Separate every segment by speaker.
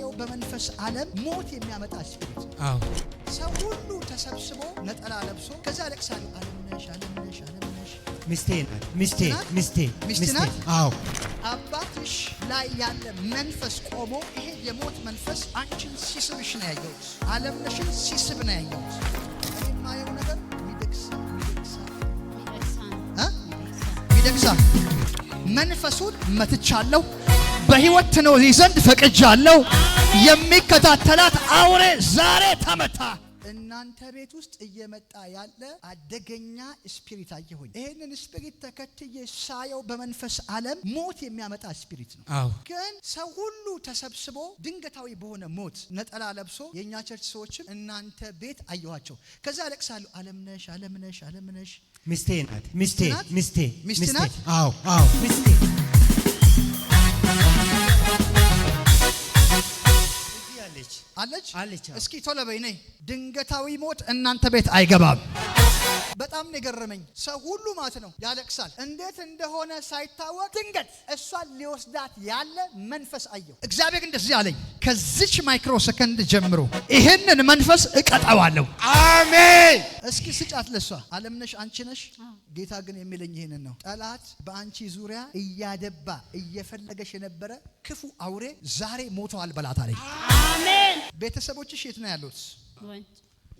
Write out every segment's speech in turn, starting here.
Speaker 1: የምታየው በመንፈስ ዓለም ሞት የሚያመጣ ስፒሪት። አዎ ሰው ሁሉ ተሰብስቦ ነጠላ ለብሶ ከዛ ያለቅሳል። አለምነሽ አለምነሽ አለምነሽ
Speaker 2: ሚስቴ ሚስቴ ሚስቴ ሚስቴ ናት። አዎ
Speaker 1: አባትሽ ላይ ያለ መንፈስ ቆሞ ይሄ የሞት መንፈስ አንቺን ሲስብሽ ነው ያየሁት። አለምነሽን ሲስብ ነው ያየሁት። የማየው ነገር ሚደግሳ ሚደግሳ መንፈሱን መትቻለሁ። በህይወት ትኖሪ ዘንድ ፈቅጃለሁ። የሚከታተላት አውሬ ዛሬ ተመታ። እናንተ ቤት ውስጥ እየመጣ ያለ አደገኛ ስፒሪት አየሁኝ። ይህንን ስፒሪት ተከትዬ ሳየው በመንፈስ ዓለም ሞት የሚያመጣ ስፒሪት ነው። አዎ፣ ግን ሰው ሁሉ ተሰብስቦ ድንገታዊ በሆነ ሞት ነጠላ ለብሶ የእኛ ቸርች ሰዎችም እናንተ ቤት አየኋቸው። ከዛ አለቅሳሉ። አለምነሽ አለምነሽ አለምነሽ
Speaker 2: ሚስቴ ናት፣ ሚስቴ ናት፣ ሚስቴ ናት። አዎ፣ አዎ ሚስቴ
Speaker 1: አለች አለች። እስኪ ቶሎ በይ ነይ። ድንገታዊ ሞት እናንተ ቤት አይገባም። በጣም ነው የገረመኝ። ሰው ሁሉ ማለት ነው ያለቅሳል። እንዴት እንደሆነ ሳይታወቅ ድንገት እሷን ሊወስዳት ያለ መንፈስ አየሁ። እግዚአብሔር እንደዚህ አለኝ፣ ከዚች ማይክሮ ሰከንድ ጀምሮ ይህንን መንፈስ እቀጣዋለሁ።
Speaker 2: አሜን።
Speaker 1: እስኪ ስጫት ለሷ። አለምነሽ አንቺ ነሽ። ጌታ ግን የሚለኝ ይህንን ነው። ጠላት በአንቺ ዙሪያ እያደባ እየፈለገሽ የነበረ ክፉ አውሬ ዛሬ ሞቷል በላት አለኝ። ቤተሰቦችሽ የት ነው ያሉት?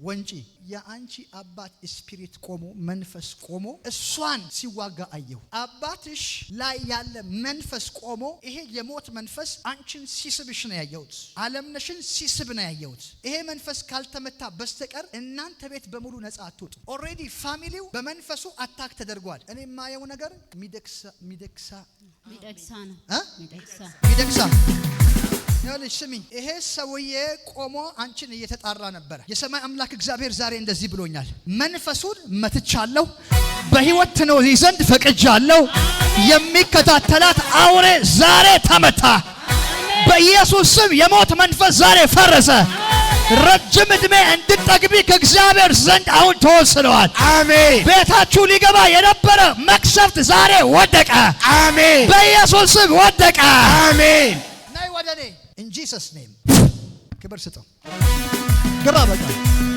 Speaker 1: ወንጪ። የአንቺ አባት ስፒሪት ቆሞ መንፈስ ቆሞ እሷን ሲዋጋ አየሁ። አባትሽ ላይ ያለ መንፈስ ቆሞ ይሄ የሞት መንፈስ አንቺን ሲስብሽ ነው ያየሁት። አለምነሽን ሲስብ ነው ያየሁት። ይሄ መንፈስ ካልተመታ በስተቀር እናንተ ቤት በሙሉ ነጻ አትወጡ። ኦልሬዲ ፋሚሊው በመንፈሱ አታክ ተደርጓል። እኔ የማየው ነገር ሚደቅሳ ነው
Speaker 3: ሚደቅሳ
Speaker 1: ይኸውልሽ ስሚኝ፣ ይሄ ሰውዬ ቆሞ አንቺን እየተጣራ ነበረ። የሰማይ አምላክ እግዚአብሔር ዛሬ እንደዚህ ብሎኛል፣ መንፈሱን መትቻለሁ፣ በህይወት ትኖሪ ዘንድ ፈቅጃለሁ። የሚከታተላት አውሬ ዛሬ ተመታ፣ በኢየሱስ ስም። የሞት መንፈስ ዛሬ ፈረሰ። ረጅም ዕድሜ እንድጠግቢ ከእግዚአብሔር ዘንድ አሁን ተወስነዋል። አሜን። ቤታችሁ ሊገባ የነበረ መቅሰፍት ዛሬ ወደቀ። አሜን። በኢየሱስ ስም ወደቀ። አሜን። ኢን ጂሰስ ኔም ክብር ስጠው። ግባ በቃ